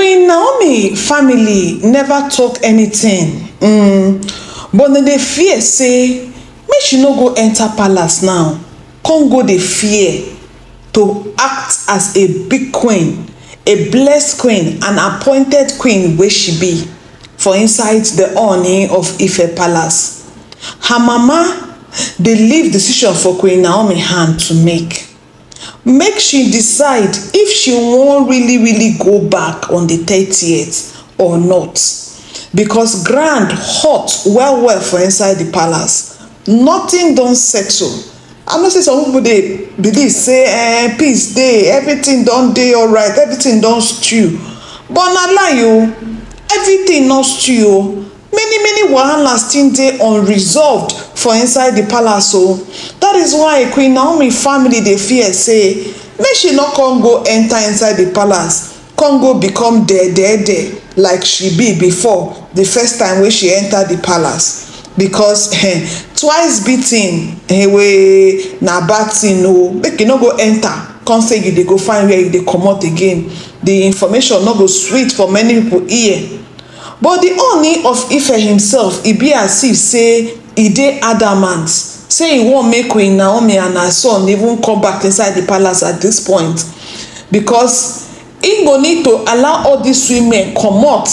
queen naomi family never talk anything. um, but dem dey fear say make she no go enter palace now come go the fear to act as a big queen a blessed queen an appointed queen where she be for inside the honey of ife palace her mama dey leave decision for queen naomi hand to make make she decide if she wan really really go back on the 30th or not because ground hot well well for inside the palace nothing don settle i know say some people dey believe say eh, peace dey everything don dey alright everything don stew but na lie o oh, everything no stew o oh. many many wahala still dey unresolved for inside the palace o oh. That is why queen naomi family dey fear say make she no come go enter inside the palace come go become there there there like she be before the first time wey she enta the palace because eh, twice beating eh, wey na bad thing o oh. make you no go enter come say you dey go find where you dey comot again the information no go sweet for many people ear but the Ooni of Ife himself e be as if say e dey adamant say he won't make queen naomi and her son even come back inside the palace at this point because he go need to allow all these women comot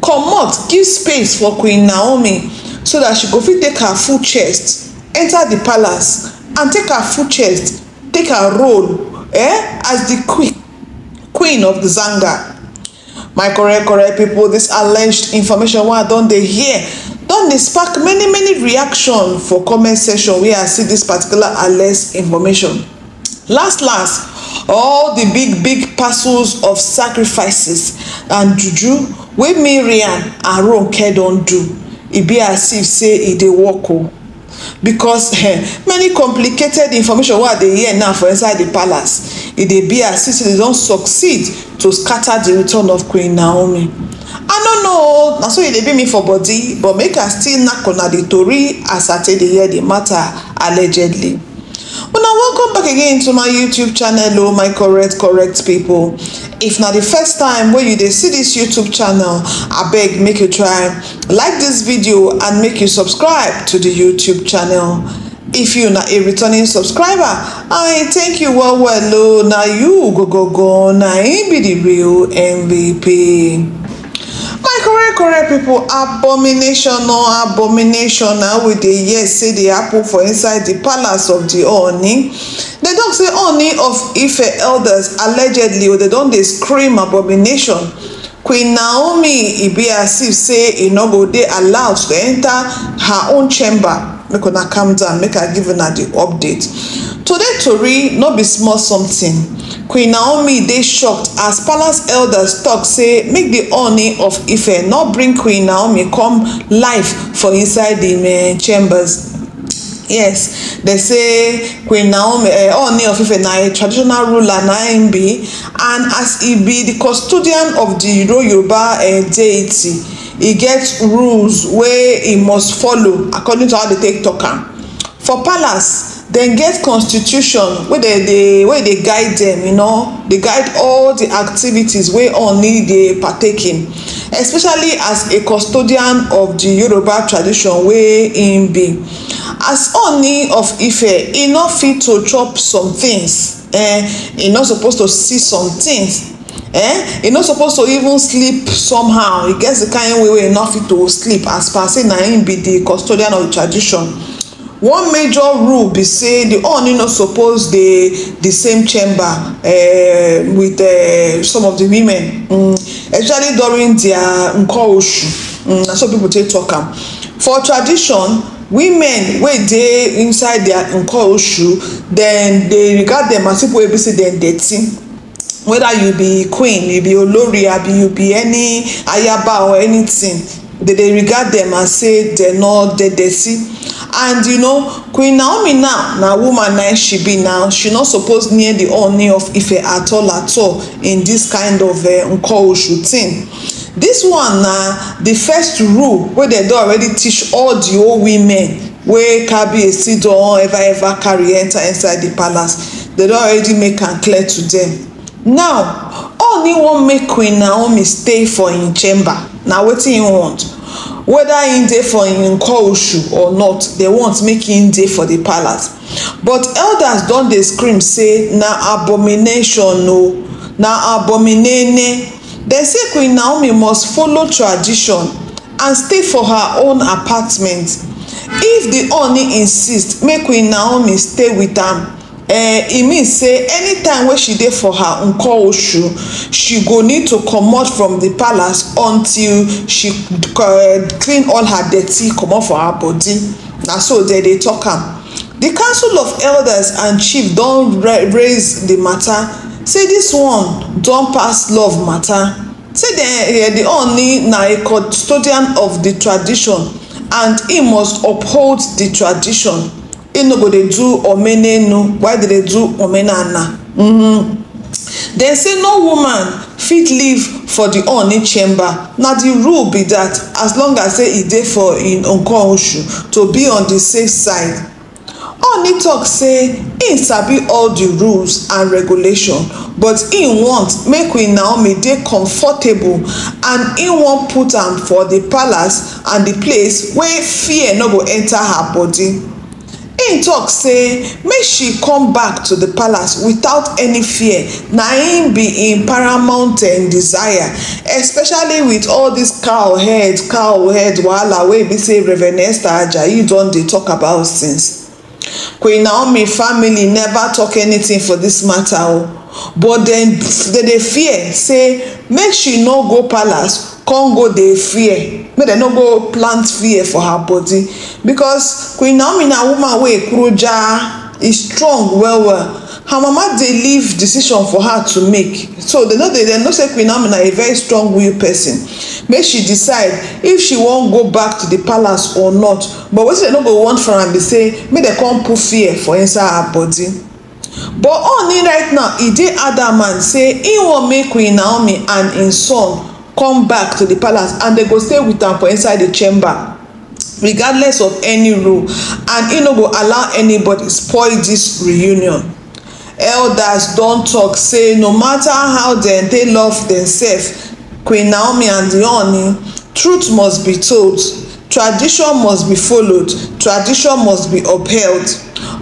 comot give space for queen naomi so that she go fit take her full chest enter the palace and take her full chest take her role eh as the queen queen of the zanga my correct correct people, this alleged information wey i don dey hear don dey spark many many reaction for comment section wey i see this particular alleged information last last all the big big parcels of sacrifices and juju wey miriam and ronke don do e be as if say e dey work o oh. because eh, many complicated information wey i dey hear now for inside the palace e dey be as if say dem don succeed to scatter the return of queen naomi i no know na so e dey be me for body but make i still knack una the tori as i take dey hear di matter allegedly una welcome back again to my youtube channel o oh, my correct correct people. if na the first time wey you dey see this youtube channel abeg make you try like this video and make you subscribe to the youtube channel if you na a returning subscriber i thank you well well o oh. na you go go go na im be the real mvp correct people abomination na abomination na we dey hear say dey happen for inside the palace of the oni dem tok say oni of ife elders allegedly or oh, dem don dey scream abomination queen naomi e say e no go dey allowed to enter her own chamber make una calm down make i give una the update today tori no be small something queen naomi dey shocked as palace elders talk say make the honey of ife no bring queen naomi come life for inside im eh, chambers yes dem say queen naomi eh, oni of ife na a traditional ruler na im be and as e be the custodian of di yoruba eh, deity e get rules wey e must follow according to how dem take tok am for palace dem get constitution wey dey guide dem you know dey guide all di activities wey oni dey partake in especially as a custodian of di yoruba tradition wey im be as oni of ife e no fit to chop some things eh e no suppose to see some things eh e no suppose to even sleep somehow e get the kind way wey e no fit to sleep as per say na im be di custodian of di tradition one major rule be say the honey no suppose dey the same chamber uh, with uh, some of the women um, especially during their nkan osu um, mm, na so people take talk am for tradition women wey dey inside their nkan osu dem dey regard them as people wey be say dem dirty whether you be queen you be olori abi you be any ayaba or anything they dey regard them as say dem no dey dirty and you know queen naomi now na woman na she be now she no suppose near the Ooni of Ife at all at all in this kind of eh, nko osu thing this one na the first rule wey dem don already teach all the old women wey Kabiyesi don ever ever carry enter inside the palace dem don already make am clear to them now Ooni wan make queen naomi stay for im chamber na wetin im want whether im dey for im nkoshu or not dem want make im dey for di palace but elders don dey scream say na abomination o na abominene dem say queen naomi must follow tradition and stay for her own apartment if di honey insist make queen naomi stay wit am e eh, mean say anytime wey she dey for her nkooshu she go need to comot from the palace until she eh, clean all her dirty comot for her body na so dem dey talk am The council of elders and chief don raise the matter. say this one don pass love matter. say the eh, the oni na a custodian of the tradition and he must uphold the tradition enu go dey do omenenu why dey dey do omenana mm-hmm. dem say no woman fit live for di honey chamber na di rule be dat as long as say e dey for im nkan oṣu to be on di safe side Oni tok say im e sabi all di rules and regulation but im e want make we naomi dey comfortable and im e wan put am for di palace and di place wey fear no go enter her body im tok say make she come back to the palace without any fear na im be im paramount desire especially with all this cow head cow head wahala wey be say reverend esther ajayi don dey tok about since queen naomi family never talk anything for this matter. o but dem dey fear say make she no go palace come go dey fear make dem no go plant fear for her body because queen naomi na woman wey Kuroja e strong well well her mama dey leave decision for her to make so dem no say queen naomi na a very strong will person make she decide if she wan go back to the palace or not but wetin dem no go want from am be say make dem come put fear for inside her body but oni right now e dey adamant say e wan make queen naomi and im son come back to the palace and they go stay with am for inside the chamber regardless of any rule and e no go allow anybody spoil dis reunion elders don talk. say no matter how dem dey love demsef queen naomi and di honey truth must be told tradition must be followed tradition must be upheld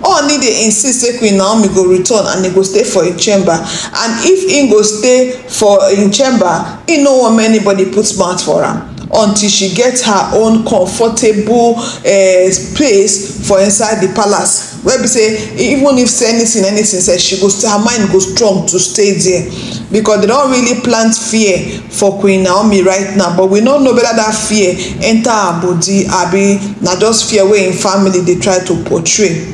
oni dey insist say queen naomi go return and e go stay for im chamber and if im go stay for im chamber im no want make anybody put mouth for am until she get her own comfortable uh, space for inside the palace wey be say even if say anything anything say she go her mind go strong to stay there because they don really plant fear for queen naomi right now but we no know whether that fear enter her body abi na just fear wey im family dey try to portray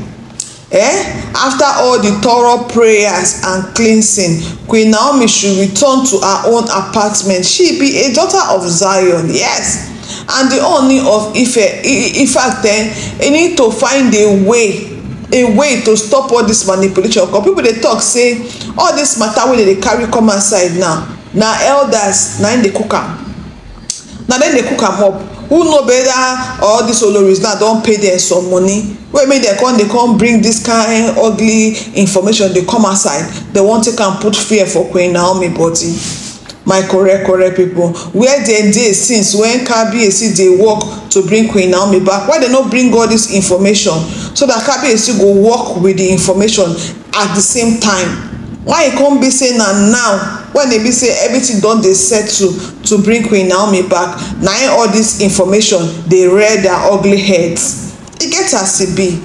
Eh? After all the thorough prayers and cleansing, Queen Naomi should return to her own apartment. She be a daughter of Zion, yes. And the only of Ife, Ife then, e need to find a way a way to stop all this manipulation because people dey talk say all this matter wey dey dey carry come outside now na elders na im dey cook am na dem dey cook am up who know better? all these oloris now don pay dem some money wey make dem come They come bring this kind ugly information They come outside They wan take am put fear for queen naomi body my correct correct pipo wia dem dey since when kabiyesi dey work to bring queen naomi back why dem no bring all this information so that kabiyesi go work with the information at the same time why e come be say na now When they be say everything don dey settle to bring queen naomi back na im all this information dey rear their ugly heads e get as e be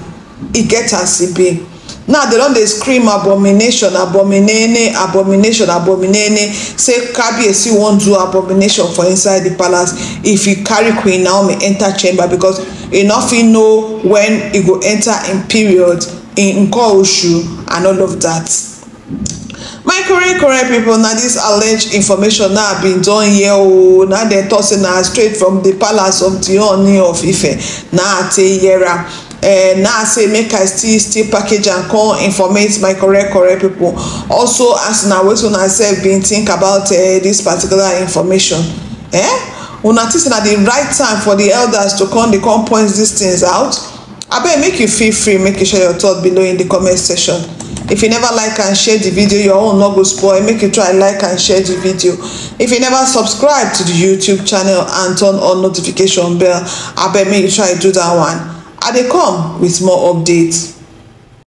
e get as e be now dem don dey scream abomination abominene abomination abominene say kabiyesi wan do abomination for inside di palace if e carry queen naomi enter chamber because e no fit know when e go enter im period im nkan oṣu and all of dat my correct correct people. Now this alleged information now bin don hear o Now dem tossing say straight from the palace of the oni of ife Now say na ateyera eh, na say make i still still package and come informate my correct correct people. also as na wetin una sef bin think about eh, this particular information eh una think say na right time for the elders to come dey come point these things out I abeg make you feel free make you share your thought below in the comment section if you never like and share the video your own no go spoil make you try like and share the video if you never subscribe to the youtube channel and turn on notification bell abeg make you try do that one i dey come with more updates